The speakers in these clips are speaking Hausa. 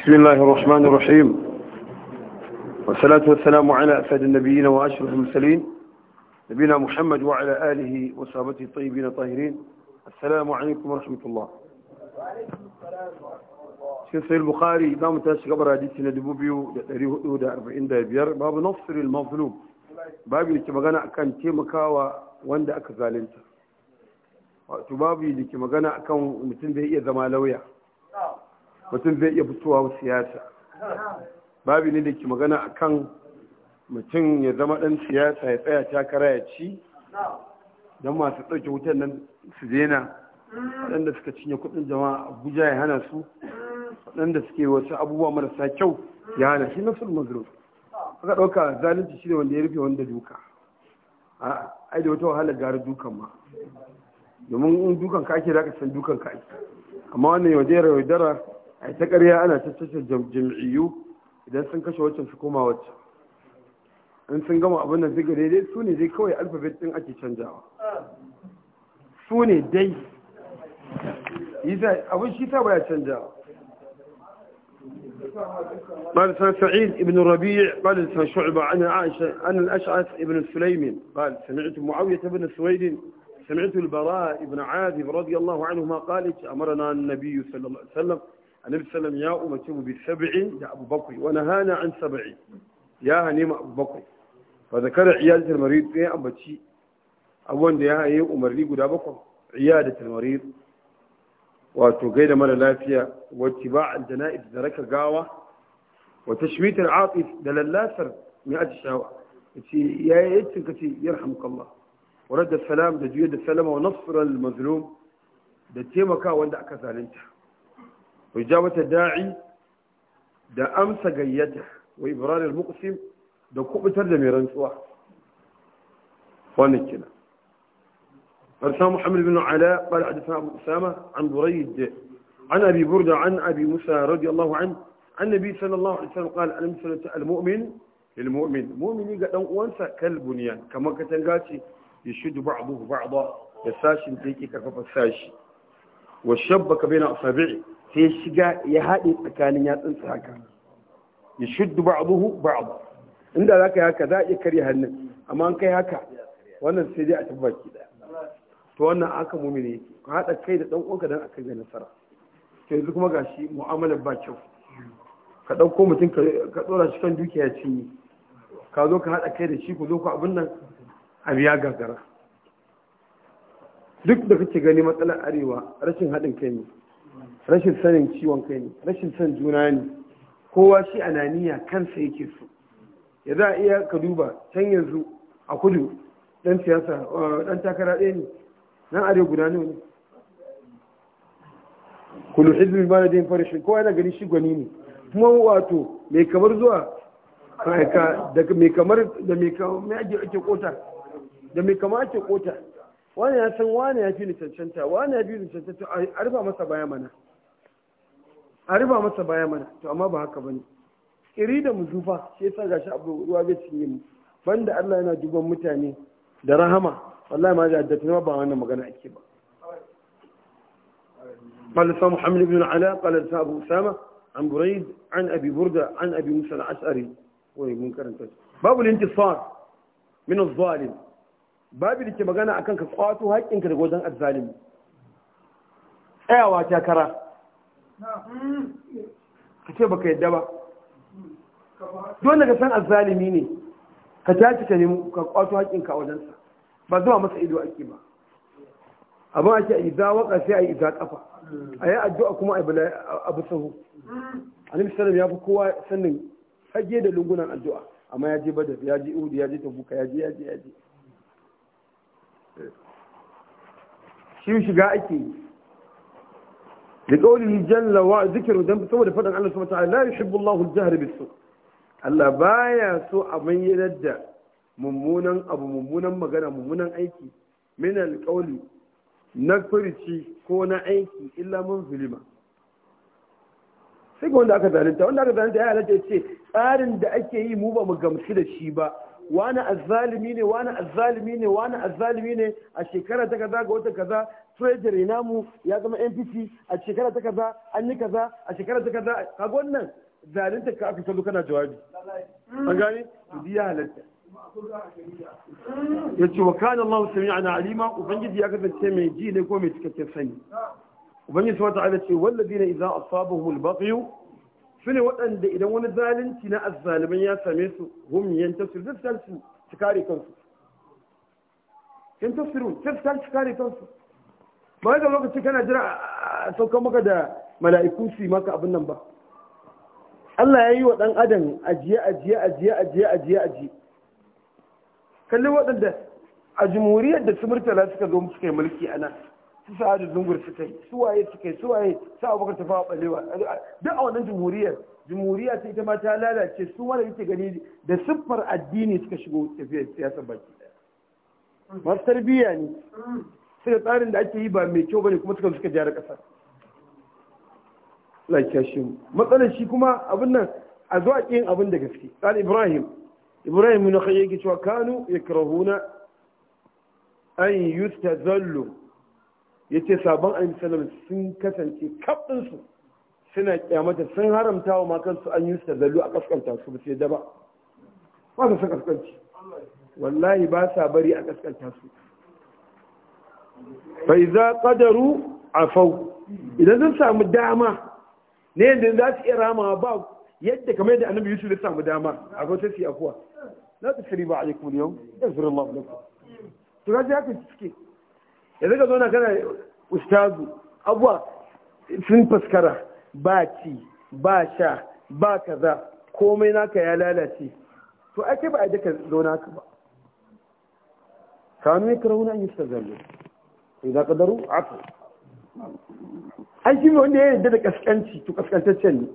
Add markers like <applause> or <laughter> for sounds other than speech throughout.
بسم الله الرحمن الرحيم والصلاة والسلام على أسعد النبيين وأشرف المرسلين نبينا محمد وعلى آله وصحبه الطيبين الطاهرين السلام عليكم ورحمة الله في صحيح البخاري دام تاش قبر حديثنا دبوبيو دا 40 دا بيار باب نصر المظلوم باب da ke magana akan taimakawa واندا aka zalunta باب babi da ke magana akan mutum zai mutum zai iya fitowa siyasa babu ne da ke magana a kan mutum ya zama ɗan siyasa ya tsaya takara ya ci don masu ɗauke wutan nan su daina waɗanda suka cinye kuɗin jama'a abuja ya hana su waɗanda suke wasu abubuwa marasa kyau ya hana shi na sulman zuru aka ɗauka zalunci shi ne wanda ya rufe wanda duka a ai da wata wahala gara dukan ma domin in dukan ka ake za ka san dukan ka ake amma wannan yaudara yaudara a ta ƙarya ana tattacin jam'iyyu idan sun kashe waccan su koma waccan in sun gama abin da ziga daidai su ne dai kawai alfabet ɗin ake canjawa su ne dai abin shi ta baya canjawa قال سعيد بن ربيع قال شعبة عن عائشة أن الأشعث بن سليم قال سمعت معاوية بن سويد سمعت البراء بن عاذب رضي الله عنهما قال أمرنا النبي صلى الله عليه وسلم annabi sallam ya umarci mu bi sab'in da abu bakwai wa nahana an sab'i ya hane mu abu bakwai fa zakara iyadatul marid sai ambaci abuwan da ya haye umarni guda bakwai iyadatul marid wato gaida mara lafiya wa tiba'al janaiz da raka gawa wa tashmitul atif da lallasar mai atishawa yace yayi yace kace yarhamukallah wa radda salam da juya da salama wa nasr al mazlum da taimaka wanda aka zalunta وإجابة الداعي دا أمس قيته وإبرار المقسم دا كبتر دا فاني كنا فرسام محمد بن علاء قال حدثنا أبو أسامة عن بريد عن أبي بردة عن أبي موسى رضي الله عنه عن النبي صلى الله عليه وسلم قال المسلم المؤمن للمؤمن مؤمن قد أنسى كالبنيان كما كتنقاتي يشد بعضه بعضا يساشي تيكي كفف الساشي والشبك بين أصابعه sai shiga ya haɗe tsakanin yatsun haka ya shuddu ba'aduhu ba'adu inda za ka yi haka za a iya karya hannun amma an kai haka wannan sai dai a tabbaki baki ɗaya to wannan aka mumini yake ka haɗa kai da ɗan uwanka don a kai nasara to yanzu kuma shi mu'amalar ba kyau ka ɗauko mutum ka ɗora shi kan dukiya cinye ka zo ka haɗa kai da shi ku zo ku abin nan a biya gagara duk da kake gani matsalar arewa rashin haɗin kai ne rashin sanin ciwon kai ne rashin san juna ne kowa shi ananiya kansa yake so ya za a iya ka duba can yanzu a kudu dan siyasa dan takara ɗaya ne nan are guda ne kullu hizbin na jin farshin kowa yana gani shi gwani ne kuma wato mai kamar zuwa da mai kamar da mai kamar ake kota da mai kamar ake kota wani ya san wani ya fi ni cancanta wani ya fi ni cancanta a arba masa baya mana a riba masa baya mana to amma ba haka bane kiri da muzufa shi yasa gashi abu ruwa bai cinye mu banda Allah yana duban mutane da rahama wallahi ma da tuna ba wannan magana ake ba قال لسان محمد بن العلاء قال لسان أبو أسامة عن بريد عن أبي بردة عن أبي موسى العشعري ومنكر باب الانتصار من الظالم باب اللي تبغانا أكن كفاته هاي إنك الظالم أيوة يا كرا ka ce baka yadda ba dole ka san azzalimi ne ka tashi ka nemi ka kwato haƙƙinka a wajensa ba zuwa masa ido ake ba abin ake a iza waka sai a iza kafa a yi addu'a kuma a bi sahu alim sallam ya fi kowa sannin fage da lungunan addu'a amma ya je badar ya je udu ya je tabuka ya je ya je ya je shi shiga ake yi لقوله جل وذكر ذنب saboda faɗan Allah الله سبحانه وتعالى لا يحب الله الجهر بالسوء bis-su baya so a أبو da mummunan abu mummunan magana mummunan aiki min al na furici ko na aiki illa mun sai wanda aka zalunta wanda aka zalunta ya halatta ce tsarin da ake yi mu ba mu gamsu da shi ba wani azzalimi ne wani azzalimi ne wani azzalimi ne a shekara ta kaza ga wata kaza treasury namu ya zama N.P.C a shekara ta kaza an yi kaza a shekara ta kaza kaga wannan zalunta ka aka kallo kana jawabi an gane idi ya halatta ya ce wa kana Allah sami'a na alima ubangiji ya kasance mai ji ne ko mai cikakken sani ubangiji subhanahu wa ta'ala ce walladina idza asabahum al-baghyu su ne waɗanda idan wani zalunci na azzaliman ya same su hum yantasir dukkan su kare kansu yantasirun zai su kare kansu ba ga lokaci kana jira a saukan maka da mala'iku su maka abin nan ba Allah ya yi wa ɗan adam ajiye ajiye ajiye ajiye ajiye ajiye kalli waɗanda a jumuriyar da Sumurtala suka zo suka yi mulki a nan su da zungur suka yi suwaye suka yi suwaye su abubakar ta fawa ɓalewa duk a wannan jumuriyar, jumhuriya ta ita ma ta lalace su wanda yake gani da siffar addini suka shigo tafiyar siyasa baki ɗaya masu tarbiyya ne sai da tsarin da ake yi ba mai kyau bane kuma suka suka jara ƙasa lafiya matsalar shi kuma abin nan a zuwa a ƙin abin da gaske ɗan ibrahim ibrahim na kai yake cewa kanu ya huna. an ta zallu ya ce sabon yi salam sun kasance kaɗinsu suna kyamata sun haramta wa makansu an yusta zallu a kaskanta su ba su yadda ba ba su kaskanci wallahi ba sa bari a kaskanta su fa iza qadaru afau idan sun samu dama ne yadda za su iya rama ba yadda kamar yadda annabi yusuf ya samu dama akwai sai su akuwa la tusriba alaikum al-yawm yazur Allah lakum to ga haka suke yanzu ka zo na kana ustazu abuwa sun faskara ba ci ba sha ba kaza komai naka ya lalace to ake ba a ka zo naka ba kanu ya karauna an yi sa idan kadaru afu an shi wanda ya yarda da kaskanci to kaskantaccen ne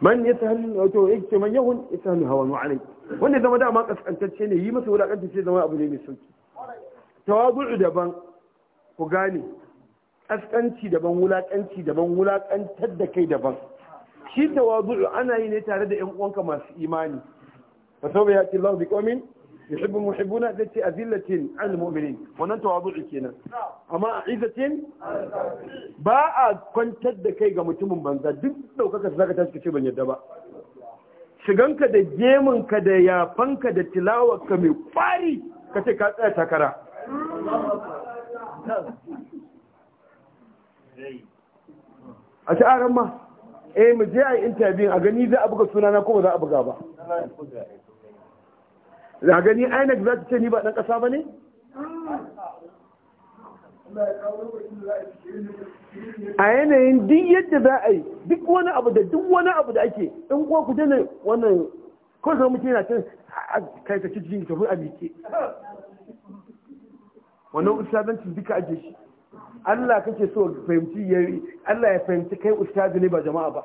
man ya tahallu wato yake man yahun ya tahallu hawa mu alai wanda zama dama kaskantacce ne yi masa wulakanci sai zama abu ne mai sauki tawadu'u daban ku gane kaskanci daban wulakanci daban wulakantar da kai daban shi tawadu'u ana yi ne tare da yan uwanka masu imani fa sawfa ya'ti Allahu biqawmin yuhibbu muhibbuna zai ce azillatin al mu'minin wannan tawazu'i kenan amma izzatin ba a kwantar da kai ga mutumin banza duk daukaka zaka tashi kace ban yadda ba shiganka da gemun ka da yafanka da tilawarka mai kwari ka ka tsaya takara a ci aran ma eh mu je a yi intabiyun a gani za a buga sunana ko ba za a buga ba za gani INEC za ta ce ni ba ɗan ƙasa ba ne? a yanayin duk yadda za a yi duk wani abu da duk wani abu da ake in kuwa ku jana wannan kawai zama mutum yana cin kai ka ci jikin tafi a miƙe wannan ustazancin duka ake shi Allah kake so fahimci yari Allah ya fahimci kai ustazi ne ba jama'a ba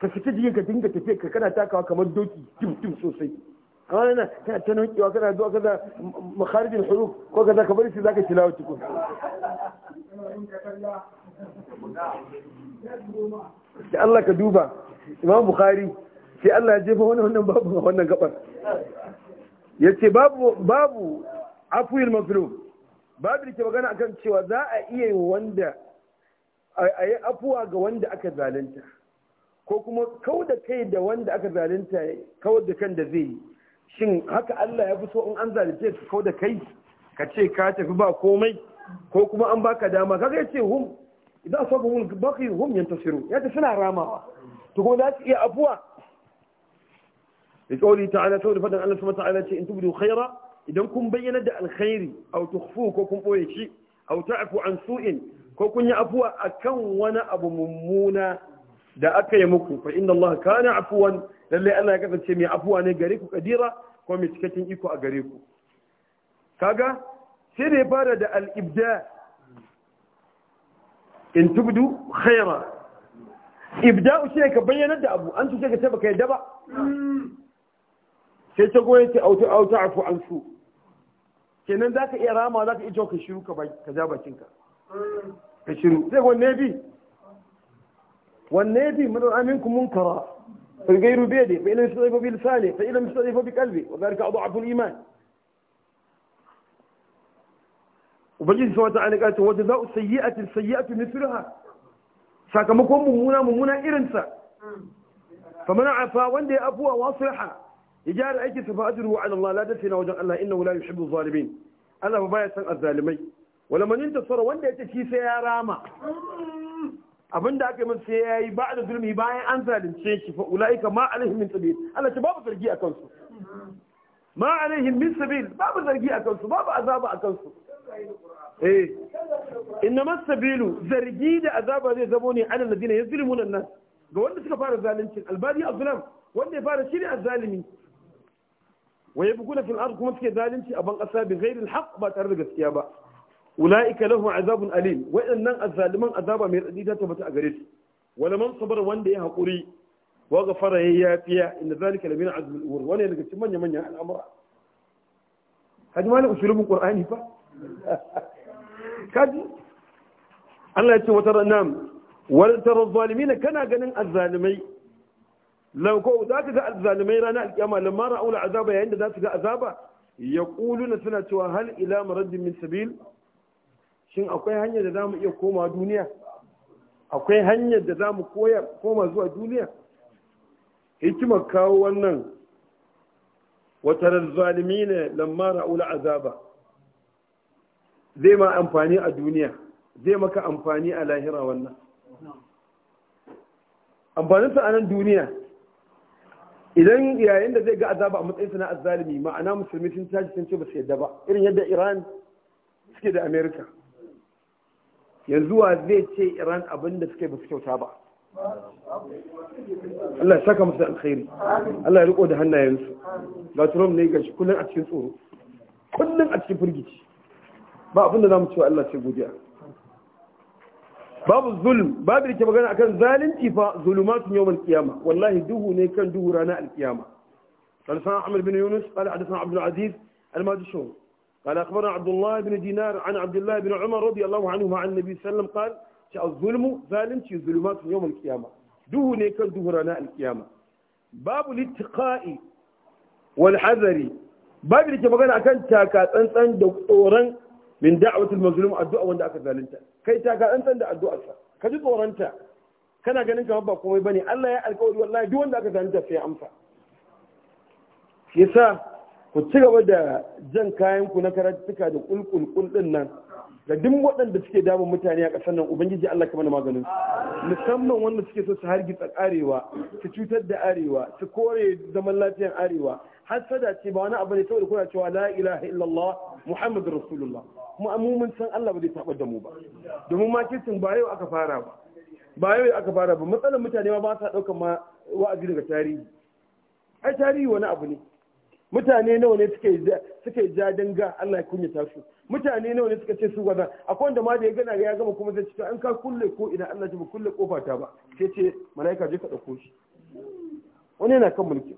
ka ci jikin ka dinga tafiya ka kana takawa kamar doki tim tim sosai amma yana kana ta nukewa kana zuwa kaza makharijin huruf ko kaza ka bari shi zaka tilawa tukun da Allah ka duba Imam Bukhari sai Allah ya jefa wannan wannan babu wannan gabar Ya ce babu afwil mazlum babu ke magana a kan cewa za a iya yin wanda a yi afuwa ga wanda aka zalunta ko kuma kau da kai da wanda aka zalunta kau da kan da zai yi shin haka Allah ya fi so in an zalice ka kau da kai ka ce ka tafi ba komai ko kuma an baka dama kaga yace hum idan asaba hum baqi hum yantasiru ya ta suna ramawa to kuma za su iya abuwa da kauli ta'ala da fadan Allah subhanahu ta'ala ce in tubdu khaira idan kun bayyana da alkhairi aw tukhfu ko kun boye shi aw ta'fu an su'in ko kun yi afuwa akan wani abu mummuna da aka yi muku fa inda Allah kana afuwan lalle Allah ya kasance mai afuwa ne gare ku kadira ko mai cikakken iko a gare ku kaga sai da ya fara da al-ibda in tubdu khaira ibda'u shi ka bayyana da abu an tuce ka ce baka yadda ba sai ta goye ta auta auta afu an su kenan zaka iya rama zaka iya ka shiru ka ka ja bakinka ka shiru sai wanne bi والنادي من منكم منكرا فالغير بيده فإن لم يستضعفه بلسانه فإن لم يستضعفه بقلبه وذلك أضعف الإيمان وبجيس سبحانه وتعالى قال وجزاء السيئة السيئة مثلها ساك مكوم ممونا ممونا إرنسا فمن عفا وندي أفوا واصلحا يجار أيك سفاجره على الله لا دسنا وجن الله إنه لا يحب الظالمين ألا فبايا سنع الظالمين ولما انتصر وندي تشيس يا راما abin da aka masu ya yi ba da zulmi bayan an zalunce shi fa ula'ika ma alaihim min sabil Allah ce babu zargi a kansu ma alaihim min sabil babu zargi a kansu babu azaba a kansu eh inna masabilu zargi da azaba zai zamo ne alal ladina yazlimun an-nas ga wanda suka fara zalunci albadi azlam wanda ya fara shi shine azzalimi wa yabguna fil ard kuma suke zalunci a ban kasa bi ghairi al ba tare da gaskiya ba ula'ika lahu azabun alim waɗannan azzaliman azaba mai tsadi ta tabbata a gare su wala man sabar wanda ya haƙuri wa gafara ya yafiya inda zalika lamina azbul umur wani daga cikin manya manyan al'amura haji malam usulubin qur'ani fa <laughs> kaji Allah ya ce wata ranam wal tara zalimin kana ganin azzalimai law ko za ka ga azzalimai ranar alkiyama lamma ra'ul azaba yayin da za su ga azaba yaquluna suna cewa hal ila maraddin min sabil shin akwai hanyar da za mu iya koma duniya akwai hanyar da za mu koma zuwa duniya hikimar kawo wannan watarar zalimi ne lamma ra'ula azaba zai ma amfani a duniya zai maka amfani a lahira wannan amfaninsa a nan duniya idan yayin da zai ga azaba a matsayinsa na azalimi ma'ana musulmi sun tashi sun ce ba su yadda ba irin yadda iran suke da america yanzu wa zai ce iran abin da suke ba su kyauta ba Allah saka musu alkhairi Allah ya riko da hannayensu ga turam ne gashi kullun a cikin tsoro kullun a cikin firgici ba abin da zamu wa Allah sai godiya babu zulm babu da ke magana akan zalunci fa zulumatun yawmal qiyama wallahi duhu ne kan duhu ranar alkiyama قال سنا Bin Yunus, يونس قال حدثنا عبد العزيز المادشون قال أخبرنا عبد الله بن دينار عن عبد الله بن عمر رضي الله عنهما عن النبي صلى الله عليه وسلم قال الظلم ظالم شي ظلمات يوم القيامة دوه نيكن دوه رناء القيامة باب الاتقاء والحذر باب اللي كما كان أكن تاكا تنسان دوران من دعوة المظلوم الدعاء وان دعك ذالنتا كي تاكا أنسان دع الدعاء كجد ورانتا كان أكن كما بقومي بني الله يا القول والله دوان دعك ذالنتا في أمسا يسا ku ci gaba da jan kayan ku na karatuka da kulkulkul din nan da duk waɗanda suke damun mutane a ƙasar nan ubangiji Allah kamar maganin musamman wanda suke so su hargitsa arewa su cutar da arewa su kore zaman lafiyar arewa hasada ce ba wani abu ne saboda kuna cewa la ilaha illallah muhammadu rasulullah kuma mu mun san Allah ba zai taɓa da mu ba domin makircin ba yau aka fara ba ba yau aka fara ba matsalar mutane ma ba sa ma wa'azi daga tarihi ai tarihi wani abu ne mutane nawa ne suka yi ja danga Allah ya kunyata su mutane nawa ne suka ce su gaza akwai wanda ma da ya gana ya gama kuma zai cika an ka kulle ko ina Allah ba kulle kofa ta ba sai ce malaika je ka dauko shi wani yana kan mulki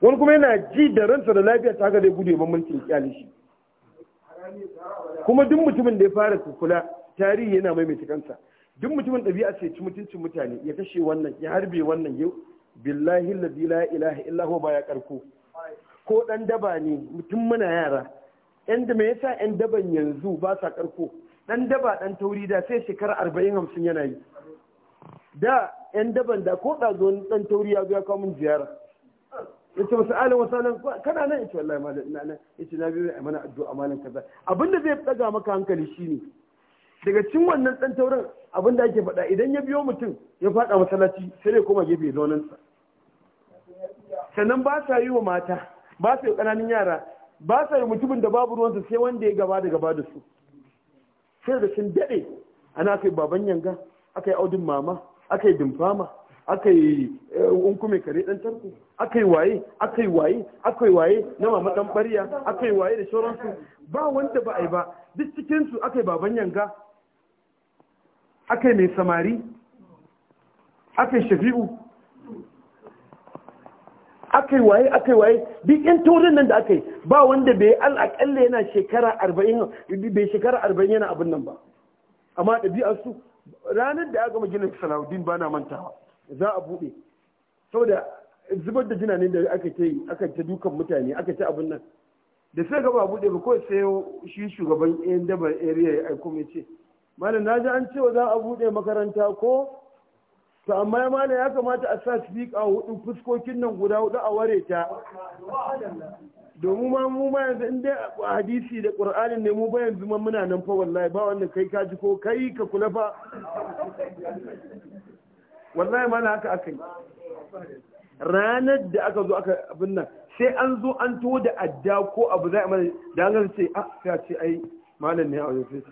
wani kuma yana ji da ransa da lafiya ta haka zai gudu ya mulkin kyali shi kuma duk mutumin da ya fara kukula tarihi yana maimaita kansa duk mutumin ɗabi'a sai ci mutuncin mutane ya kashe wannan ya harbe wannan billahi ladi la ilaha illa huwa baya karko ko dan daba ne mutum muna yara yan da me yasa yan daban yanzu ba sa karko dan daba dan tauri da sai shekara arba'in hamsin yana yi da yan daban da ko da zo dan tauri ya zo ya kawo min ziyara yace wasu alin wasu alin kana nan yace wallahi malam ina nan yace na biyo mana addu'a malam kaza abinda zai daga maka hankali shine daga cikin wannan dan tauran abinda ake faɗa idan ya biyo mutum ya faɗa masallaci sai ya koma gefe zaunan sannan ba sa yi wa mata ba sa yi ƙananan yara ba sa yi mutumin da babu ruwansa sai wanda ya gaba da gaba da su sai da sun daɗe ana kai baban yanga aka yi audin mama aka yi dimfama aka yi unku kare ɗan tarko aka yi waye aka yi waye aka yi waye na mama ɗan ɓarya aka yi waye da sauransu ba wanda ba a yi ba duk cikinsu aka yi baban yanga aka yi mai samari aka yi shafi'u akai waye akai waye duk yan taurin nan da akai ba wanda bai al'akalla yana shekara 40 bai shekara 40 yana abin nan ba amma ɗabi'ar su ranar da aka gina Salahuddin ba na mantawa za a buɗe saboda zubar da jinanin da aka ta yi aka ta dukan mutane aka ta abin nan da sai gaba buɗe ba kawai sai shi shugaban yan dabar area ya aiko mai ce malam na ji an cewa za a buɗe makaranta ko to amma ya mana ya kamata a sa speak a hudu fuskokin nan guda hudu a ware ta domin ma mu ma yanzu inda a hadisi da qur'anin ne mu ba yanzu ma muna nan fa wallahi ba wanda kai ka ji ko kai ka kula fa wallahi mana haka yi ranar da aka zo aka abin nan sai an zo an to da adda ko abu za a mana da an ce ah, a sai ce ai malam ne a wajen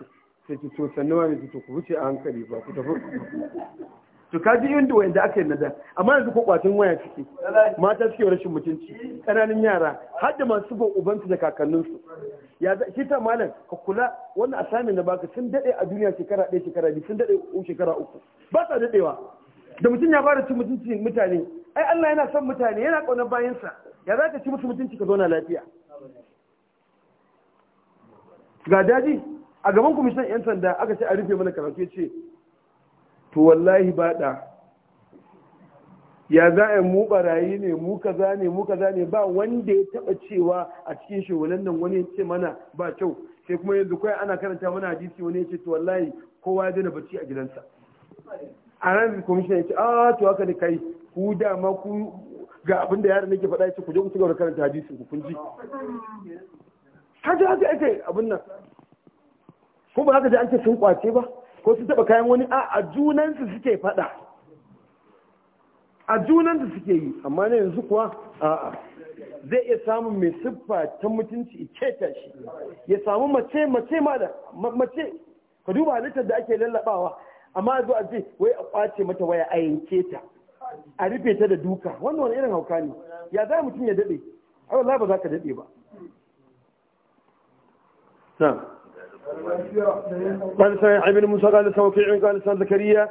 sai ce to sannan ma ne to ku wuce a hankali ba ku tafi to ka ji inda aka yi nazar amma yanzu ko kwatin waya ciki mata suke rashin mutunci kananan yara har da masu go ubansu da kakanninsu ya za shi ta malam ka kula wannan assignment na baka sun dade a duniya shekara ɗaya shekara biyu sun dade shekara uku ba sa dadewa da mutum ya fara cin mutunci mutane ai Allah yana son mutane yana kaunar bayansa ya za ka ci musu mutunci ka zauna lafiya ga daji a gaban kwamishin 'yan sanda aka ce a rufe mana karatu ya ce to wallahi ba ya za a mu barayi ne mu kaza ne mu kaza ne ba wanda ya taba cewa a cikin shugulan nan wani ya ce mana ba kyau sai kuma yanzu kawai ana karanta mana hadisi wani ya ce to wallahi kowa ya daina bacci a gidansa a ran commissioner ya ce a ah, to haka ne kai ku dama ku ga abin da yaran nake faɗa ya ce ku je ku cigaba da karanta hadisi ku kun ji haka haka ake abin nan ko ba haka da an ce sun kwace ba ko su taba kayan wani a a junansu suke fada a junansu suke yi amma na yanzu kuwa a'a zai iya samun mai siffa ta mutunci ta shi ya samu mace mace ma da mace ka duba halittar da ake lallabawa amma zo a ce wai a kwace mata waya a yanke ta a rufe ta da duka wannan wani irin hauka ne ya za mutum ya daɗe a wallahi ba za ka daɗe ba قال سمع ابن موسى قال سوكيع قال سمع زكريا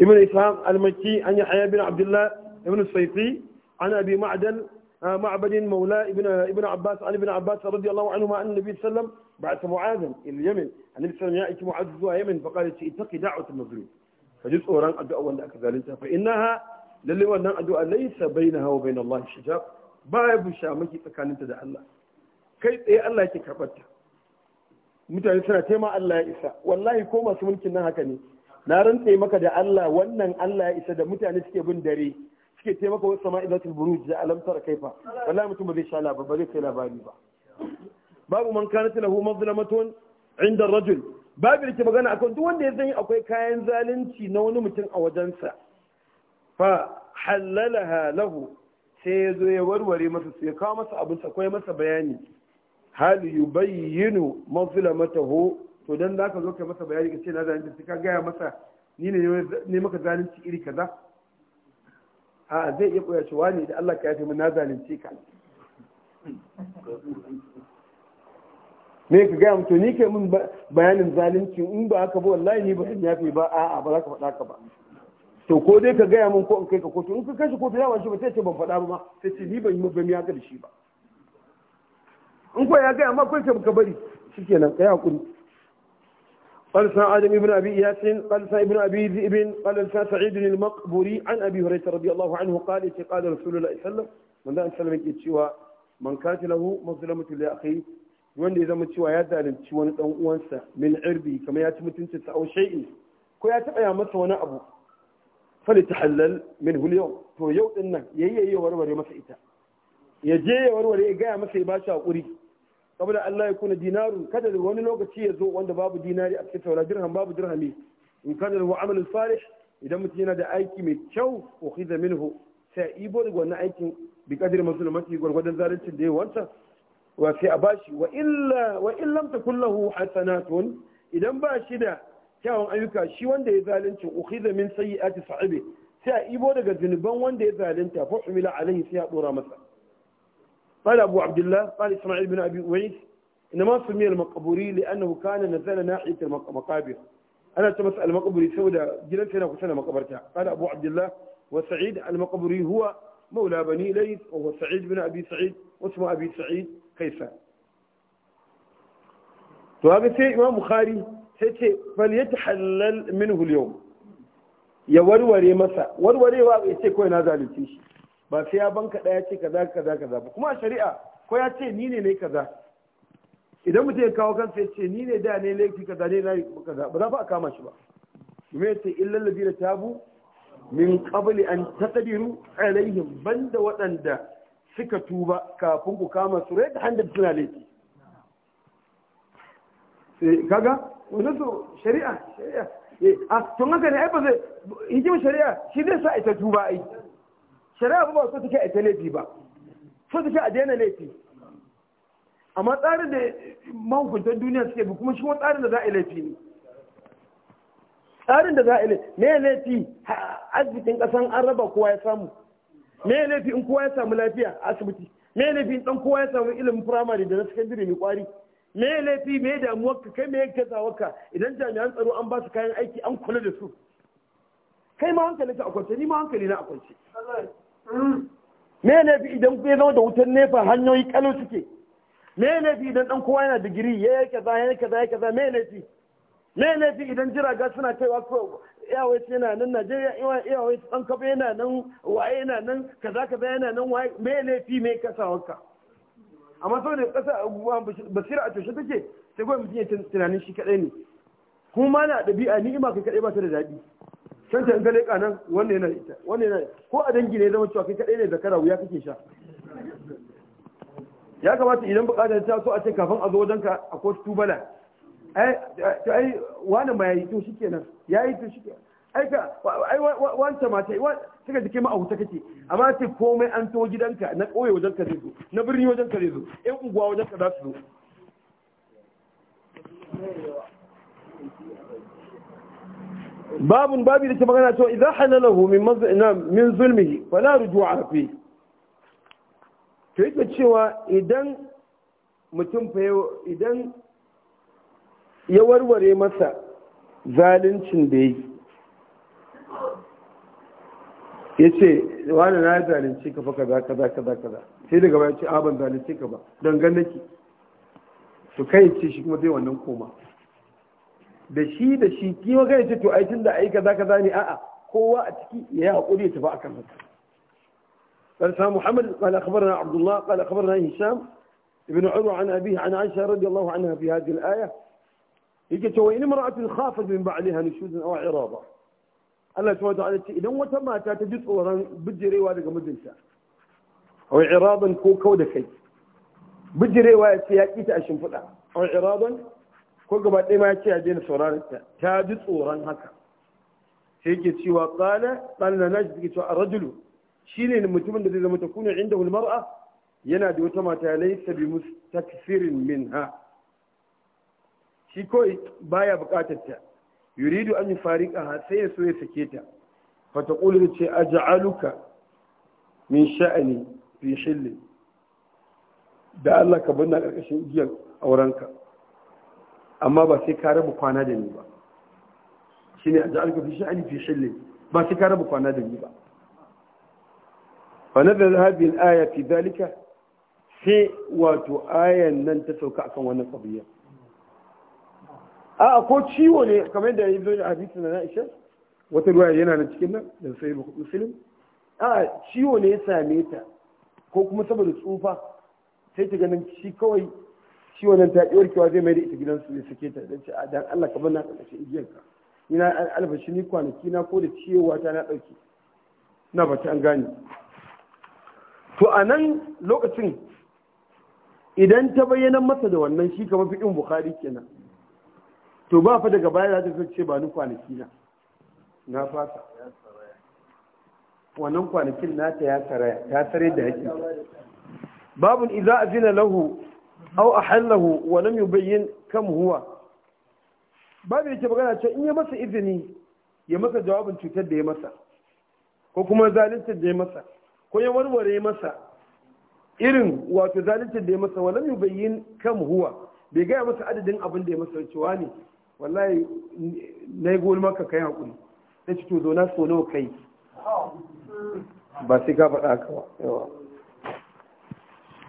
ابن إسحاق المكي عن يحيى بن عبد الله ابن الصيفي عن أبي معدن معبد مولى ابن ابن عباس عن ابن عباس رضي الله عنهما عن النبي صلى الله عليه وسلم بعث معاذا الى اليمن النبي صلى الله عليه وسلم معاذ زوا يمن فقال اتقي دعوه المظلوم فجي tsoron addu'a wanda aka zalunta fa innaha lalle wannan addu'a laysa bainaha wa bain Allah shijab ba ya busha miki tsakaninta da Allah kai tsaye Allah yake karbarta mutane suna tema Allah ya isa wallahi ko masu mulkin nan haka ne na rantse maka da Allah wannan Allah ya isa da mutane suke bin dare suke taimaka wasu sama'i zatul buruj da alamtar kaifa wallahi mutum ba zai sha labar ba zai kai labari ba babu man kana lahu mazlamatun inda rajul babu da ke magana akan duk wanda ya zanyi akwai kayan zalunci na wani mutum a wajensa fa halalaha lahu sai ya zo ya warware masa su ya kawo masa abin sa masa bayani hal yubayyinu man filamatahu to don za ka zo kai masa bayani ce na zalunci sai ka gaya masa ni ne ne maka zalunci iri kaza a zai iya koya cewa ne da Allah ka yafe mun na zalunce ka me ka gaya mutu ni kai mun bayanin zalunci in ba haka ba wallahi ni ba in yafe ba a'a ba za ka faɗa ka ba to ko dai ka gaya mun ko in kai ka kotu in ka kashi kotu ya washe ba sai ce ban faɗa ba ma sai ce ni ban yi ba ya haka da shi ba in ko ya gaya ma ko sai ka bari shikenan kai hakuri قال سنا آدم بن أبي ياسين قال سنا ابن أبي ذئب قال سنا سعيد المقبري عن أبي هريرة رضي الله عنه قال قال رسول الله صلى الله عليه وسلم من ذا سلم يتشوى من قاتله مظلمة wanda ya zama cewa ya zalunci wani dan uwansa min irbi kamar ya ci mutunci sa au shay'in ko ya taba ya masa wani abu fali tahallal min hul yau to yau din nan yayi yayi warware masa ita ya je ya warware ya gaya masa ya shi hakuri saboda Allah ya kuna dinaru, kada da wani lokaci ya zo wanda babu dinari a cikin saura dirham babu dirhami in kana da amalin salih idan mutum yana da aiki mai kyau ko khidha minhu sai ibo daga wannan aikin bi kadir musulmati gwargwadon zalincin da ya wanta wa sai a bashi wa illa wa in lam takul lahu hasanatun idan ba shi da kyawun ayyuka shi wanda ya zalunci ukhidha min sayyi'ati sa'ibi sai a ibo daga zinuban wanda ya zalunta fa umila alaihi sai a dora masa قال أبو عبد الله قال إسماعيل بن أبي أويس إنما سمي المقبوري لأنه كان نزل ناحية المقابر أنا تمسأل المقبري سودا جلست هنا وسنة مقبرتها قال أبو عبد الله وسعيد المقبري هو مولى بني ليث وهو سعيد بن أبي سعيد واسمه أبي سعيد كيسان وهذا سي إمام بخاري سيتي فليتحلل منه اليوم يا وروري مسا وروري وابي سي كوي نازل تيشي ba sai ya banka ɗaya ce kaza kaza kaza ba kuma a shari'a ko ya ce ni ne ne kaza idan mutum ya kawo kansa ya ce ni ne da ne laifi kaza ne na kaza ba za fa a kama shi ba kuma ya ce illal ladina tabu min qabli an taqdiru alaihim banda waɗanda suka tuba kafin ku kama su rai da handar suna laifi eh, kaga shari'a shari'a eh, a ah, tun haka ne ai ba zai hikimar shari'a shi zai sa ita tuba aiki shari'a ba su suke a ita laifi ba su suke a daina laifi amma tsarin da mahukuntar duniya suke bi kuma shi wani tsarin da za a yi laifi ne tsarin da za a laifi, me laifi arzikin kasan an raba kowa ya samu me laifi in kowa ya samu lafiya a asibiti me laifi in ɗan kowa ya samu ilimin firamare da na sakandare mai kwari me laifi me damuwar ka kai me gazawar ka idan jami'an tsaro an ba su kayan aiki an kula da su kai ma hankali ka akwance ni ma hankali na akwance. me ne fi idan ya zama da wutar nefa hanyoyi kalau suke me ne fi idan dan kowa yana digiri ya yi kaza ya yi kaza ya kaza me ne fi me ne fi idan jiraga suna kaiwa ko airways yana nan Najeriya su dan kafa yana nan waye yana nan kaza kaza yana nan waye me ne fi me amma saboda kasa abubuwa basira a toshe take sai mutum ya tunanin shi kadai ne kuma na ɗabi'a ni'ima kai kadai ba ta da daɗi canta in in gale kanan wannan yana ita wannan yana ko a dangi ne zama cewa kai kadai ne zakara wuya kake sha ya kamata idan bukatar ta so a ce kafin a zo wajen ka a kotu tubala ai ai wani ma yayi to shikenan yayi to shikenan ai ka ai wancan ma tai suka jike ma a wuta kake amma sai komai an to gidanka na koye wajen ka zai zo na birni wajen ka zai zo ƴan unguwa wajen ka za su zo babun babi da ke magana cewa idan hanalahu min zulmihi fala rujua fi to yake cewa idan mutum fa idan ya warware masa zaluncin da yi ya ce wani na zalunci ka fa kaza kaza kaza kaza sai daga baya ce a ban zalunci ka ba dangane ki to kai ce shi kuma zai wannan koma da shi da shi kima kai ce to ai da ai zaka kaza a a'a kowa a ciki ya hakuri ta ba akan haka قال محمد قال أخبرنا عبد الله قال أخبرنا هشام ابن عروة عن أبيه عن عائشة رضي الله عنها في هذه الآية يجي وإن امرأة خافت من بعدها نشوزا أو عراضة Allah ta wata ce idan wata mata ta ji tsoron bijirewa daga mijinta a iradan ko kau da kai bijirewa ya ce ta a shimfiɗa a ko gaba ɗaya ma ya ce a daina sauraron ta ta ji tsoron haka sai ke cewa qala qala na ji cewa ar-rajulu shine mutumin da zai zama ta kuna inda mar'a yana da wata mata laysa bi min minha shi kawai baya bukatar ta yuridu an yufariqaha sai ya so ya sake ta fa taqulu ce aj'aluka min sha'ani fi hilli da Allah ka bunna karkashin giyan aurenka amma ba sai ka raba kwana da ni ba shine a ja'alka fi sha'ani fi shille ba sai ka raba kwana da ni ba fa da hadhihi al-aya fi dalika sai wato ayan nan ta sauka akan wannan qadiyya a ko ciwo ne kamar yadda ya yi da hadisi na Aisha wata ruwa yana nan cikin nan da sai musulun? a ciwo ne ya same ta ko kuma saboda tsufa sai ta ganin shi kawai shi wannan ta warkewa zai mai da ita gidansu ya sake ta dan ce dan Allah ka bar na kashe igiyar ka ni na albashi ni kwanaki na ko da ciyewa ta na dauke na ba ta an gane to a nan lokacin idan ta bayyana masa da wannan shi kamar fiƙin bukhari kenan to ba fa daga baya za ta ce ba ni kwanaki na na fata wannan kwanakin nata ya saraya ta sare da hakki babun idza azina lahu aw ahallahu wa lam yubayyin kam huwa babu yake magana cewa in ya masa izini ya masa jawabin cutar da ya masa ko kuma zalincin da ya masa ko ya warware masa irin wato zalincin da ya masa walam yubayyin kan huwa bai gaya masa adadin abin da ya masa cewa ne wallahi na yi gol maka kai hakuri sai ci to zo na so nawa kai ba sai ka faɗa haka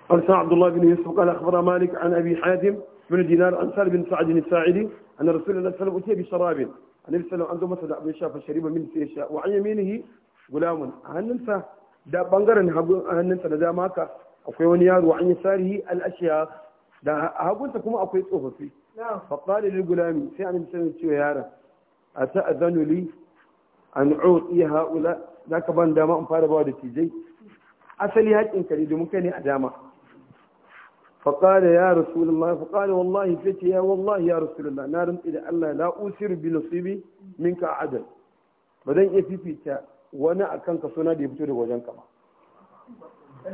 قال سعد الله بن يوسف قال أخبر مالك عن أبي حاتم بن دينار عن سالم بن سعد الساعدي أن رسول الله صلى الله عليه وسلم أتي بشراب أن رسول الله عنده مثلا أبو شاف الشريب من سيشاء وعن يمينه غلام أن ننسى دا بنغر أن ننسى دا ماكا أخي ونيار وعن يساره الأشياء دا هابون تكما أخي صوفي نعم. فقال للغلام سي عن المسلم التوهارة أتأذن لي أن أعطي هؤلاء ذاك بان داما أمفار بوادتي جي أصلي هاتين كريدو مكاني أداما فقال يا رسول الله فقال والله فتي يا والله يا رسول الله نار إذا الله لا أسر بنصيبي منك عدل بدن تا وانا أكن كسونا دي بتوري وجن كما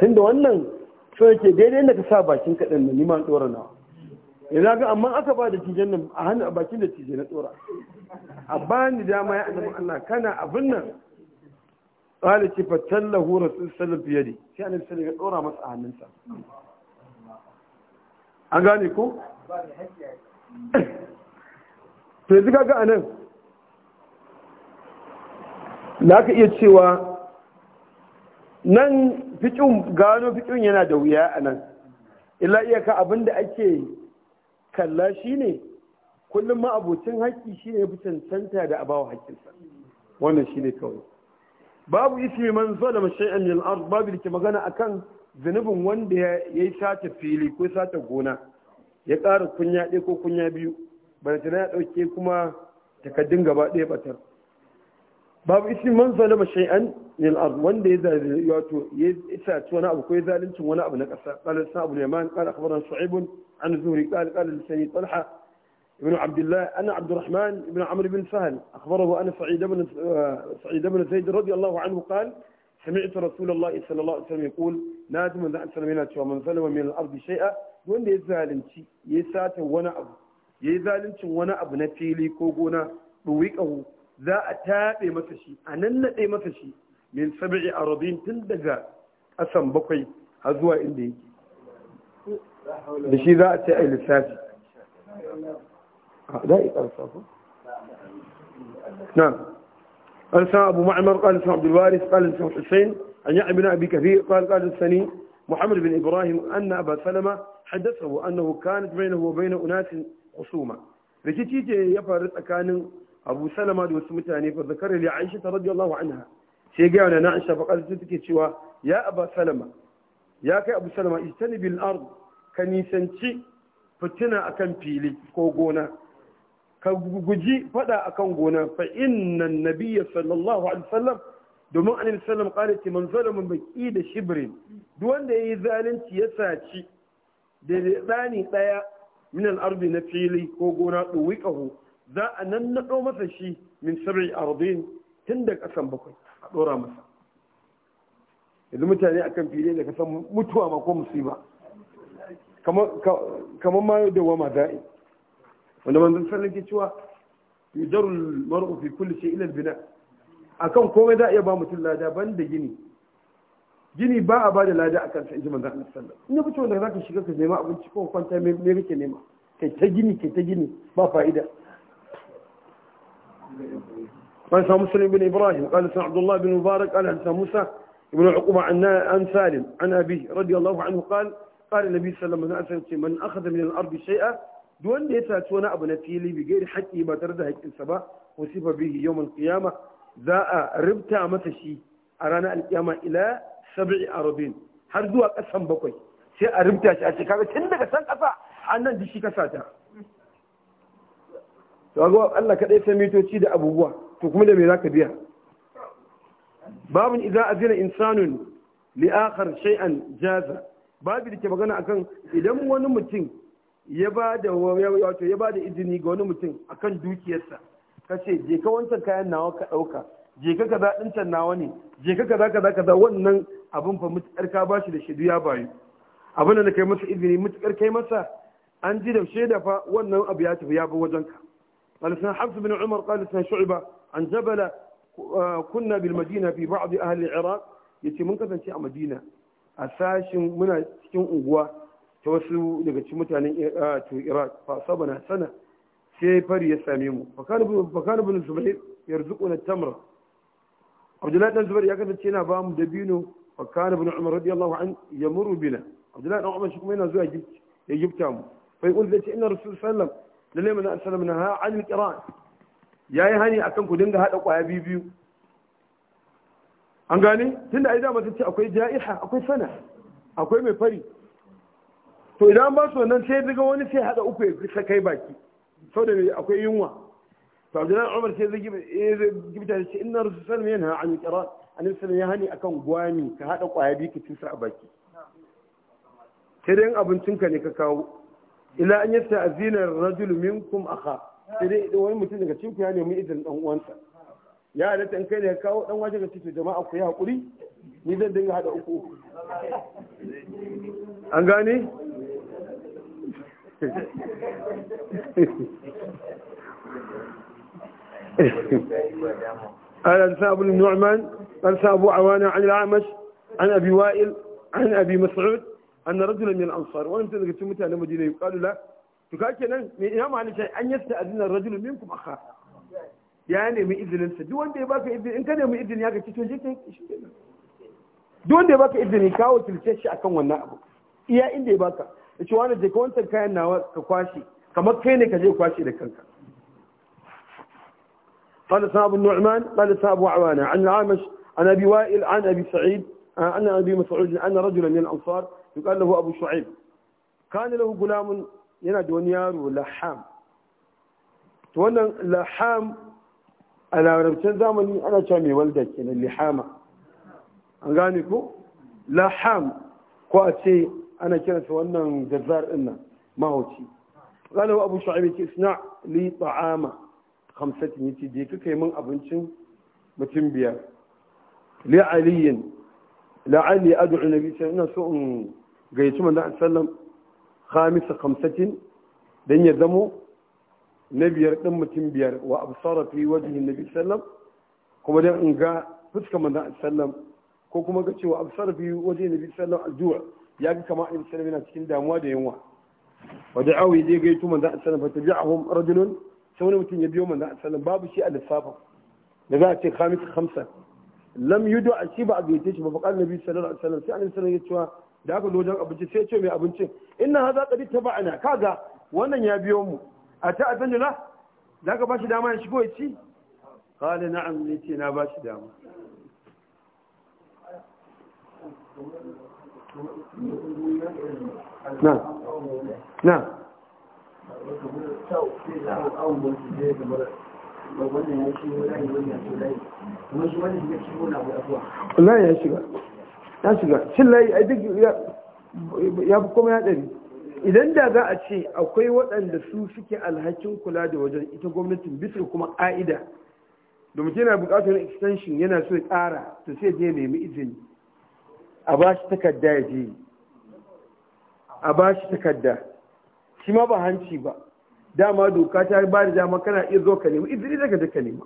تند وانا شو يكي دي لأنك سابا شنك لأن نمان تورنا إذا كان أما أكبا دي تجنم أهان أبا كين دي تجنم دورا أبان دي ما يعلم الله كان أبنا قال تفتله رسول الله في يدي كان السلام دورا مسأة ننسى an gane ko? to yanzu ga a nan da ka iya cewa nan fikin gano fikin yana da wuya a nan illa iyaka abin da ake kalla shi ne kullum ma'abocin haƙƙi shi ne canta da abawa haƙƙinsa wannan shi ne kawai babu isi man zo da mashi'an yin arz babu da ke magana akan zunubin wanda ya yi sata fili ko sata gona ya ƙara kunya ɗaya ko kunya biyu barantana ya ɗauke kuma takaddun gaba ɗaya batar babu isi man zalama an min al wanda ya zalunci wato ya isa wani abu ko ya zalunci wani abu na ƙasa qala sa abu yaman qala akhbarana shu'aib an zuhri qala qala lisani talha ibn Abdullahi ana abdurrahman ibn amr ibn sahl akhbarahu ana sa'id ibn sa'id ibn zaid radiyallahu anhu qala سمعت رسول الله صلى الله عليه وسلم يقول نادم من cewa man zalama min al ya zalunci ya wani abu ya zaluncin wani abu na fili ko gona duwiqahu za a tabe masa shi a nannade masa shi min sab'i aradin tun daga ƙasan bakwai har zuwa inda yake da shi za a ce lissafi قال سمع أبو معمر قال سمع عبد الوارث قال سمع حسين عن يحيى بن أبي كثير قال قال السني محمد بن إبراهيم أن أبا سلمة حدثه أنه كانت بينه وبين أناس خصومة rikici ce ya faru tsakanin abu salama da wasu mutane fa zakar li aisha radiyallahu anha sai ga yana na aisha faqal ta take cewa ya aba salama ya kai abu salama istanibil ard ka nisanci fitina akan fili ko gona ka guji fada akan gona fa inna nabiyya sallallahu alaihi wasallam domin annabi sallallahu alaihi wasallam man zalama baki da shibrin duk wanda yayi zalunci ya saci da dani daya min al-ardi na fili ko gona duwiqahu za a nan nado masa shi min sab'i ardin tun da kasan bakwai a dora masa yanzu mutane akan fili da kasan mutuwa ma ko musiba kamar ma da wama za'i wanda manzon sallan ke cewa yujarul mar'u fi kulli shay ila bina akan komai da a iya ba mutum lada ban da gini gini ba a ba da lada akan sa inji manzon Allah sallan in ya fito wanda zaka shiga ka nema abinci ko kwanta me me kake nema kai ta gini kai ta gini ba fa'ida قال مسلم بن إبراهيم قال سعد الله بن مبارك قال حدثنا موسى ابن عقبة عن عن سالم عن أبيه رضي الله عنه قال قال النبي صلى الله عليه وسلم من أخذ من الأرض شيئا duk wanda ya saci wani abu na fili bi gairi haƙƙi ba tare da haƙƙinsa ba musifa bihi yawmul qiyama za a rubta masa shi a ranar alƙiyama ila sab'i arabin har zuwa ƙasan bakwai sai a rubta shi a ce kaga tun daga san ƙasa an nan dishi ka sata to ga Allah kadai san mitoci da abubuwa to kuma da me zaka biya babun idza azina insanun li akhar shay'an jaza babu dake ke magana akan idan wani mutum ya ba da wato ya ba da izini ga wani mutum akan dukiyarsa ka ce je ka wancan kayan nawa ka dauka je ka kaza dincan nawa ne je ka kaza kaza kaza wannan abun fa mutukar ka bashi da shaidu ya bayu abin da kai masa izini mutukar kai masa an ji da shaida fa wannan abu ya tafi ya bi wajenka قال سنة حفص بن عمر قال سنة شعبة عن جبل كنا بالمدينة في بعض أهل العراق يتي من كذا شيء مدينة أساش من cikin unguwa ta wasu daga cikin mutanen eh, ah, iraq fa sabana sana sai fari ya same mu fakar bin zubair na tamra abdullahi dan zubair ya kasance yana ba mu dabino fakar bin umar radiyallahu an muru bina abdullahi dan umar shi kuma yana zuwa ya gifta mu fa yaqul da ce ina rasul sallam lalle manzo sallam na ha an Ya yi hani akan ku dinga haɗa ƙwaya biyu biyu an gane tunda ai da mata ce akwai ja'iha akwai sana akwai mai fari to idan ba su wannan sai daga wani sai hada uku ya kusa kai baki da mai akwai yunwa to abdullahi umar sai zai gibta eh, shi inna rasul yana an a annabi sallallahu ya hani a kan gwami ka hada kwaya biyu ka tusa a baki sai dai abincinka ne ka kawo ila an yasta zinar rajul minkum ka. sai dai wani mutum daga cikin ya nemi idan dan uwansa ya halatta in kai ne ka kawo dan wajen ka cikin jama'a ku yi hakuri ni zan dinga hada uku an gane قال أنسى أبو النعمان أنسى ابو عوانة عن الأعمش عن ابي وائل عن ابي مسعود ان رجلا من الانصار وأنت اللي قلت متى المدينة يقال له تقال كنا يا معنى شيء ان يستأذن الرجل منكم اخا يعني من اذن أنت دو أنت يباك إذن إن كان من اذن إذن ياك تتوجيك دو أنت يباك إذن يكاوت الكشي أكون والنائب ان دي يباك ce wani je ka wancan kayan nawa ka kwashe kamar kai ne ka je kwashe da kanka قال أصحاب النعمان قال أصحاب عوانة عن العامش عن أبي وائل عن أبي سعيد عن أبي مسعود أن رجلا من الأنصار يقال له أبو شعيب كان له غلام ينادي ونيار لحام تولى لحام أنا رمشان زمني أنا شامي والدك يعني اللحامة an gane ko laham ko a ce ana kiransa wannan jazzar din nan mahauci abu ابو شعيب اصنع لي طعام خمسة يتي je ka kai min abincin mutum biyar li aliyin la'alli ad'u nabi sai ina so in gayyaci manzon sallam khamisa khamsatin dan ya zamo na biyar din mutum biyar wa absara fi wajhi nabi sallam kuma dan in ga fuskar manzon sallam ko kuma ga cewa absara fi wajhi nabi sallam addu'a ya ga kama annabi sallallahu yana cikin damuwa da yunwa wa awu awi zai gaito manzo sallallahu alaihi biya tabi'ahum rajulun sai wani mutum ya biyo manzo sallallahu alaihi babu shi a lissafin da za a ce khamis khamsa lam yudu a shi ba a gaite shi ba faqal nabi sallallahu alaihi wasallam sai annabi sallallahu ya cewa da aka lojan abinci sai ya ce mai abincin inna hadha qad taba'ana kaga wannan ya biyo mu a ta adanjula za ka ba shi dama ya shigo ya ci kala na amince na ba shi dama نعم نعم idan da za a ce akwai waɗanda su suke alhakin kula da wajen ita gwamnatin bisa kuma ƙa'ida da mutum yana buƙatar extension yana so ya ƙara to sai je nemi izini a ba shi takarda ya je a ba shi takarda shi ma ba hanci ba dama doka ta ba da dama kana iya zo ka nemi izini daga duka nema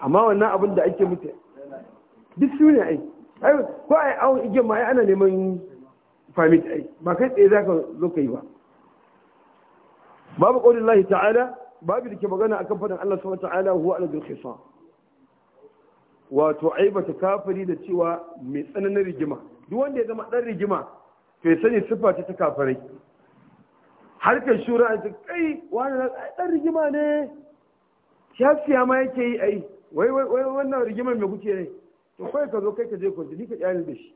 amma wannan abin da ake mutu duk su ne ai ko ai awon igiyar ma ai ana neman famit ai ba kai tsaye za ka zo ka yi ba babu ƙaunin lahi ta'ala babu da ke magana akan faɗin allah subhanahu wa ta'ala huwa ala zulkhisa wato aibata kafiri da cewa mai tsananin rigima duk wanda ya zama dan rigima to ya sani siffa ta kafirai harkar shura a ce kai wani dan rigima ne shafiya ma yake yi ai wai wai wannan rigimar mai kuke ne to kai ka zo kai ka je kwanci ni ka iyalin da shi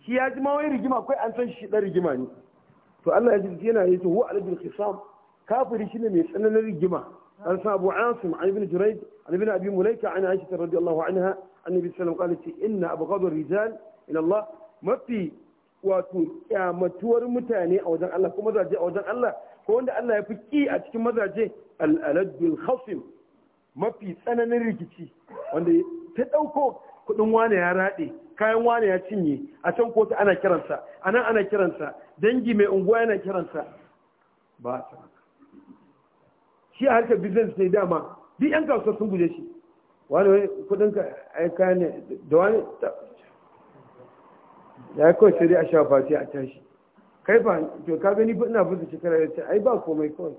shi ya ji ma wai rigima kai an san shi dan rigima ne to Allah ya ji yana yi to hu albil khisam kafiri shine mai tsananin rigima an sa abu asim an ibn jurayd an ibn abi mulaika an aisha radiyallahu anha annabi sallallahu alaihi wasallam qala inna abghadu rijal ila allah mafi wato kyamatuwar mutane a wajen Allah ko mazaje a wajen Allah ko wanda Allah ya fi ki a cikin mazaje al-aladul mafi tsananin rikici wanda ta ɗauko kuɗin wane ya raɗe kayan wane ya cinye a can kotu ana kiransa anan ana kiransa dangi mai unguwa yana kiransa ba ta shi a harkar business ne dama duk yan kasuwa sun guje shi wani wani kudin ka aika ne da wani ya yi kawai sai dai a sha sai a tashi kai ba to ka gani ina busa shekara ya ce ai ba komai kawai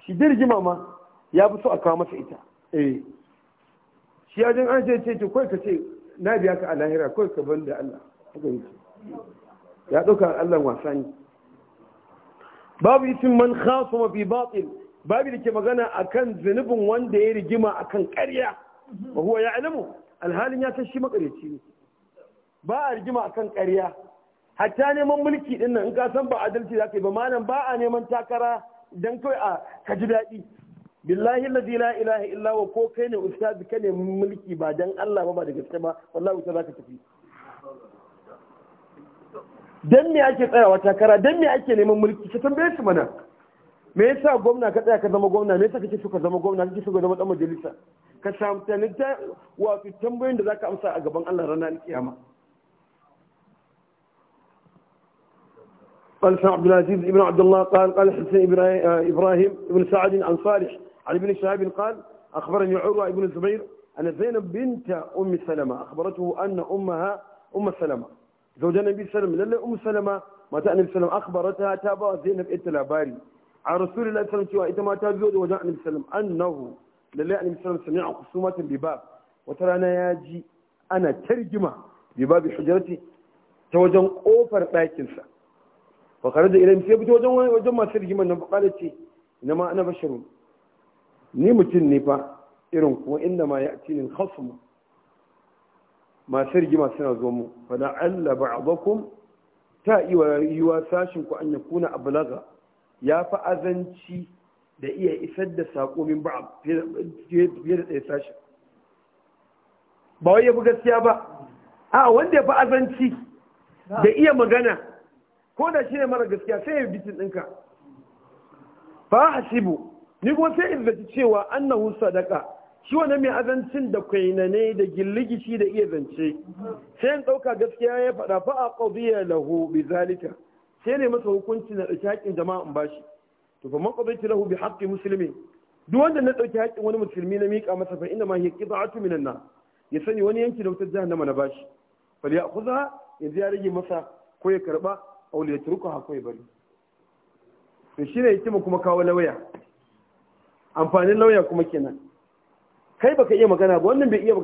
shi jirgima jimama ya fi so a kawo masa ita eh shi ya jin an ce ce ce kawai ka ce na biya ka a lahira kawai ka ban da Allah ya ɗauka Allah wasa ne babu isin man khasuma mafi batil babu da ke magana a kan zunubin wanda ya rigima kan ƙarya ba huwa ya alamu alhalin ya san shi makareci ne ba a rigima a kan ƙarya hatta neman mulki din in ka san ba adalci za ka yi ba malam ba a neman takara don kawai a ka ji daɗi billahi la ilaha illa wa ko kai ne ustazi ka ne mulki ba dan Allah ba ba da gaske ba wallahi ta ka tafi dan me ake tsayawa takara dan me ake neman mulki ka tambaye su mana me yasa gwamna ka tsaya ka zama gwamna me yasa kake so ka zama gwamna kake so ka zama dan majalisa ka samu tani wato tambayoyin da zaka amsa a gaban Allah ranar kiyama قال سعد بن عزيز ابن عبد الله قال قال حسين ابراهيم آه، ابن سعد عن صالح عن ابن شهاب قال اخبرني عروه ابن الزبير ان زينب بنت ام سلمه اخبرته ان امها ام سلمه زوج النبي صلى الله عليه وسلم ام سلمه ما تأني سلمه اخبرتها تابا زينب انت لاباري a rasulullahi sallallahu cewa ita ma ta biyo da wajen annabi sallam annahu lallai annabi sallam sami'a kusumatan bi bab wata rana ya ji ana tarjima bi babi hujjarati ta wajen kofar ɗakinsa fa kare da ilmi sai fito wajen wajen masu tarjiman nan fa ce ina ma ana bashirun. ni mutum ne fa irin kuma inda ma ya atinin khasmu masu rigima suna zo mu fa la'alla ba'dakum ta iya yiwa sashin ku an ya yakuna ablaga ya fi azanci da iya isar da saƙo min ba fiye da ɗaya sashi ba wai ya fi gaskiya ba a wanda ya fi azanci da iya magana ko da shi ne mara gaskiya sai ya yi bitin ɗinka fa hasibu ni kuma sai in zaci cewa annahu sadaka shi wani mai azancin da kwainane da gilligishi da iya zance sai in ɗauka gaskiya ya faɗa fa a ƙaudiyar lahu bi zalika sai ne masa hukunci na ɗauki haƙƙin jama'a in bashi to fa maqabati lahu bi haqqi muslimin duk wanda na ɗauki haƙƙin wani musulmi na miƙa masa fa inna ma hiya qita'atu minan nar ya sani wani yanki da wutar jahannama na bashi fa ya yanzu ya rage masa ko ya karba aw ya turka ko ya bari to shine hikima kuma kawo lauya amfanin lauya kuma kenan kai baka iya magana ba wannan bai iya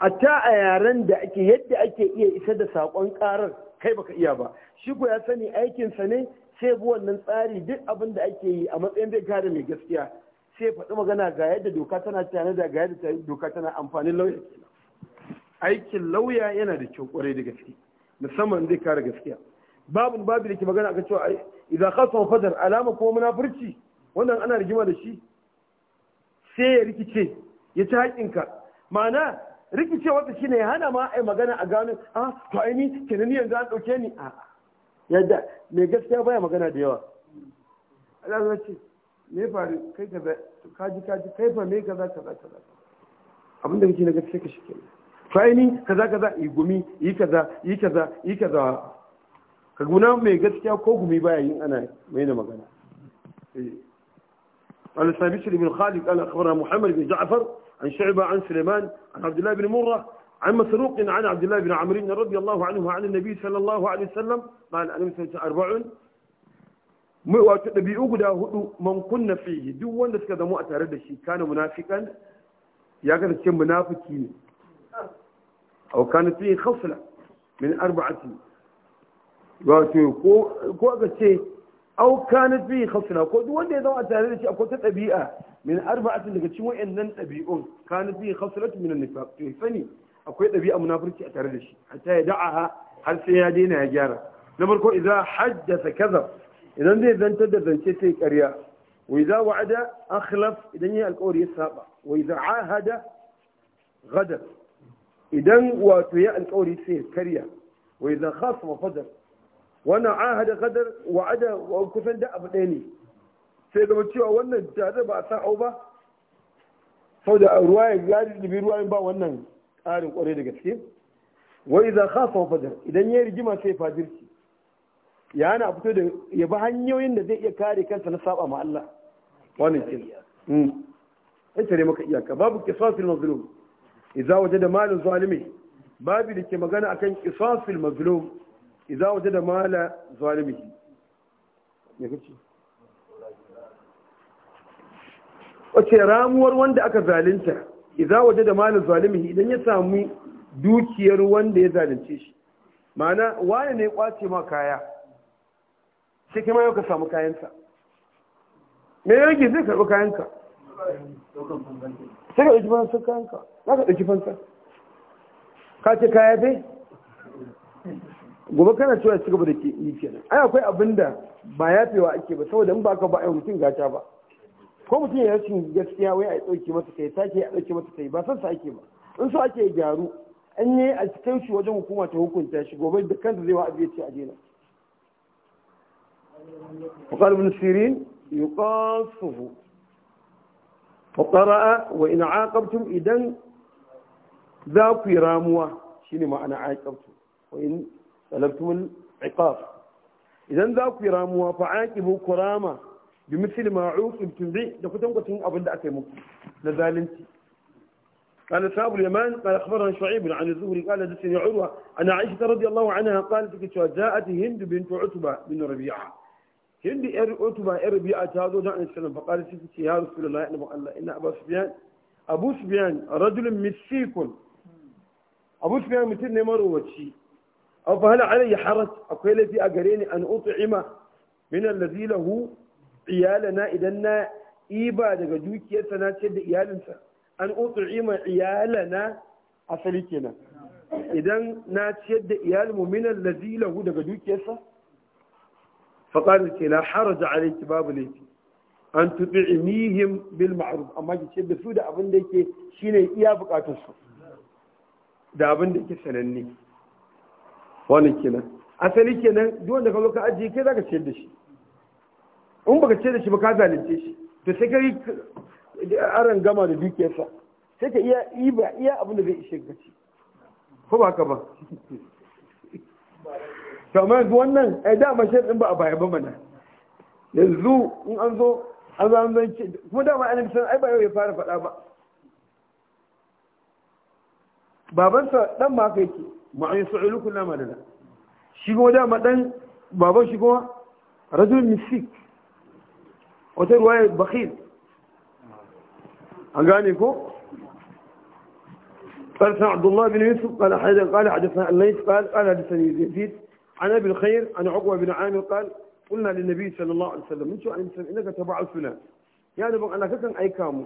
a ta a yaren da ake yadda ake iya isar da sakon karar kai baka iya ba shi ko ya sani aikinsa ne sai bi wannan tsari duk abin da ake yi a matsayin zai kare mai gaskiya sai faɗi magana ga yadda doka tana tare da ga yadda doka tana amfanin lauya aikin lauya yana da kyau kwarai da gaske musamman zai kare gaskiya babu babu da ke magana akan cewa idan kasuwan fadar alama kuma munafurci wannan ana rigima da shi sai ya rikice ya ci haƙƙinka ma'ana Rikice wata shine ne hana ma a magana a gano a ah, to aini kenan yanzu an dauke ni a yadda mai gaskiya baya magana da yawa Allah ce me faru kai kaza kaji kaji kai fa me kaza kaza kaza abin da kake na gaskiya ka shike to aini kaza kaza yi gumi yi kaza yi kaza yi kaza ka guna mai gaskiya ko gumi baya yin ana mai magana eh. قال سابسلي بن خالد قال أخبرنا محمد بن جعفر عن شعبة عن سليمان عن عبد الله بن مرة عن مسروق عن عبد الله بن عمرين رضي الله عنه عن النبي صلى الله عليه وسلم قال أنا مثل أربع وتنبي أقدا من كنا فيه دون نسك ذا مؤتى ردشي كان منافقا يا كان كم منافقين أو كان فيه خصلة من أربعة وتنبي كو كو أقدا Au kana fi khasna ko duk wanda ya zama a tare da shi akwai ta ɗabi'a min arba'atin daga cikin wayannan ɗabi'un kana fi khasnatu min an-nifaq to sani akwai ɗabi'a munafurci a tare da shi hatta ya da'aha har sai ya daina ya gyara na farko idan haddasa kaza idan zai zantar da zance sai ƙarya wa idza wa'ada akhlaf idan yayi alƙawari ya saba wa idza ahada ghadar idan wato ya alƙawari sai ya karya wa idza khasama fadar wannan an hada kadar wa'ada wa kusan da abu ɗaya ne sai zama cewa wannan tare ba a san au ba sau da ruwa ya gari ɗibi ruwa ba wannan ƙarin ƙware da gaske wai za ka sau fajar idan ya rigima sai fajirci ya hana fito da ya bi hanyoyin da zai iya kare kansa na saba ma Allah wannan kin ya hmm. tare maka iyaka babu kisafin mazlum waje da malin zalimi babu da ke magana akan kisafin mazlum idza wajada mala zalimihi me kace wace ramuwar wanda aka zalunta idza wajada mala zalimihi idan ya samu dukiyar wanda ya zalunce shi ma'ana wani ne kwace ma kaya sai kuma yau ka samu kayansa me ya rage zai karɓi kayanka sai ka ɗauki fansa kayanka za ka ɗauki fansa ka ce kaya dai gobe kana cewa ci gaba da ke yi kenan ai akwai abin da ba yafewa ake ba saboda in ba ka ba ai mutum gata ba ko mutum ya rashin gaskiya wai a ɗauke masa kai take a ɗauke masa kai ba san sa ake ba in so ake gyaru an yi a cikin shi wajen hukuma ta hukunta shi gobe da kanta zai wa ya ce a daina وقال ابن سيرين يقاصه فقرأ وإن عاقبتم إذن ذاك راموة شنو معنى عاقبتم وإن talabtumul iqab idan za ku yi ramuwa fa aqibu kurama bi misli ma uqibtum bi da kutankwacin abin da aka yi muku na zalunci قال أصحاب اليمان قال أخبرنا شعيب عن الزهري قال حدثني عروة أن عائشة رضي الله عنها قالت جاءت هند بنت عتبة بن ربيعة هند إر عتبة إر ربيعة هذا جاء السلام فقالت يا رسول الله إن الله إن أبا سفيان أبو سفيان رجل مسيك أبو سفيان متن مروتشي aw fa hala alayya haraj akwai laifi a gare ni an ut'ima min allazi lahu iyalana idan na iba daga dukiyarsa na ce da iyalinsa an ut'ima iyalana asali kenan idan na ciyar da iyalinmu min allazi lahu daga dukiyarsa fa qala ke la haraj alayki babu laifi an tubi'inihim bil ma'ruf amma ki da su da shine iya da abin yake sananne wannan kenan asali kenan duk wanda ka zo ka ajiye kai zaka ciyar da shi in baka ciyar da shi ba ka zalunce shi to sai ka yi aran gama da dukiyarsa sai ka iya iba iya abin da zai ishe ka ci ko ba ka ba to amma yanzu wannan ai da shi din ba a baya ba mana yanzu in an zo an zo an zo kuma dama annabi san ai ba yau ya fara faɗa ba babansa dan ma kai ke معي su'ulu kula madana shi kuma dama dan baban shi kuma rajul misik wata ruwaya bakhil an gane قال سمع عبد الله بن يوسف قال حدثنا قال حدثنا الليث قال قال حدثني يزيد عن ابي الخير عن عقبه بن عامر قال قلنا للنبي صلى الله عليه وسلم انتم عن انك تبعثنا يعني بقى انا كان كامو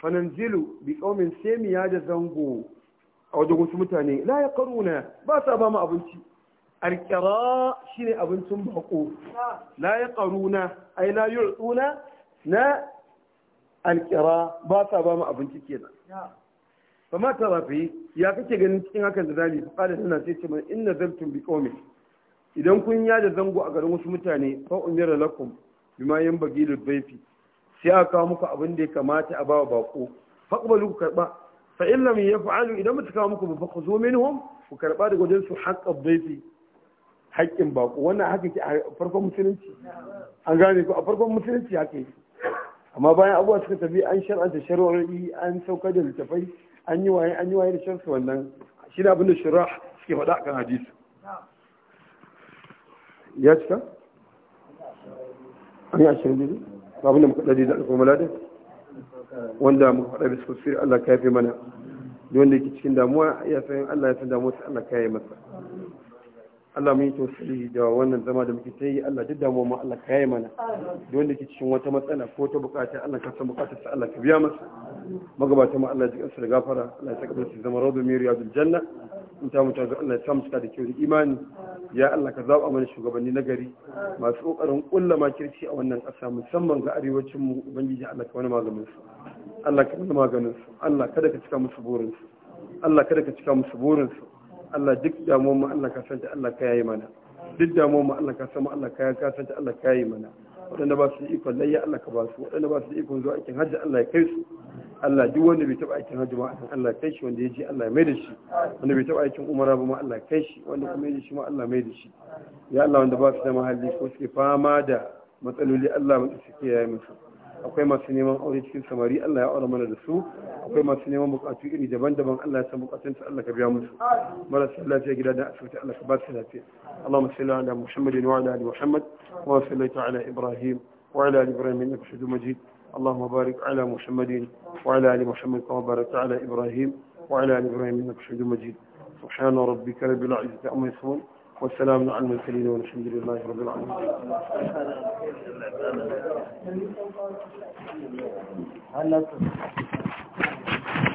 فننزل بقوم سيمي ده زنغو a wajen wasu mutane la ya karuna ba sa ba mu abinci alƙira shi ne abincin bako la ya karuna yi la yi na alƙira ba sa ba mu abinci ke kenan ba ma rafi ya kake ganin cikin hakan da zali fa kada tana sai ce mana ina zartun bi qaumin idan kun ya da zango a garin wasu mutane fa umira lakum bima bagilu baifi sai aka kawo muku abin da ya kamata a bawa bako ku karɓa. fa in ya yaf'alu idan ba kawo muku ba ku zo minhum ku karba da wajen su haƙƙa dayfi haƙƙin bako wannan haka ke a farkon musulunci an gane ku a farkon musulunci haka yake amma bayan abuwa suka tafi an shar'anta shari'o'i an saukar da littafai an yi waye an yi waye da sharsu wannan shi da abinda shura suke faɗa kan hadisi ya cika an yi ashirin biyu ba abinda muka ɗari da alfamala dai wanda muka faɗa bisa tafsir Allah ka yafe mana don wanda yake cikin damuwa ya san Allah ya san damuwa sai Allah ka masa Allah mun yi tausiri da wannan zama da muke ta yi Allah duk damuwa mu Allah ka mana don wanda yake cikin wata matsala ko ta bukata Allah ka san bukatarsa Allah ka biya masa magabata ma Allah ya ji kansa da gafara Allah ya saka su zama rawdu miriyadul janna in ta mutu ga Allah ya samu cika da kyau da imani ya Allah ka zaba mana shugabanni na gari masu kokarin kulla makirci a wannan ƙasa musamman ga arewacin mu ubangiji Allah ka wani maganin su Allah ka wani maganin su Allah kada ka cika musu burin su Allah kada ka cika musu burin su Allah duk damuwar mu Allah ka san ta Allah ka yayi mana duk damuwar mu Allah ka san mu Allah ka ka santa Allah ka yayi mana waɗanda ba su ikon layya Allah ka ba su waɗanda ba su ikon zuwa aikin hajji Allah ya kai su Allah duk wanda bai taɓa aikin hajji ma Allah kai shi wanda ya je Allah ya mai da shi wanda bai taɓa aikin umara ba ma Allah kai shi wanda kuma ya shi ma Allah mai da shi ya Allah wanda ba su da mahalli ko suke fama da matsaloli Allah mai suke yayi musu akwai masu neman aure cikin samari Allah ya aure mana da su akwai masu neman bukatu iri daban-daban Allah ya san bukatun su Allah ka biya musu marasa lafiya gida da asibiti Allah ka ba su lafiya Allahumma salli ala Muhammadin wa ala ali Muhammad wa sallaita ala Ibrahim wa ala ali Ibrahim innaka Hamidum Majid اللهم بارك على محمد ala ال محمد كما باركت على ابراهيم وعلى ال ابراهيم انك حميد مجيد سبحان ربك رب العزه عما يصفون والسلام على المرسلين والحمد لله رب العالمين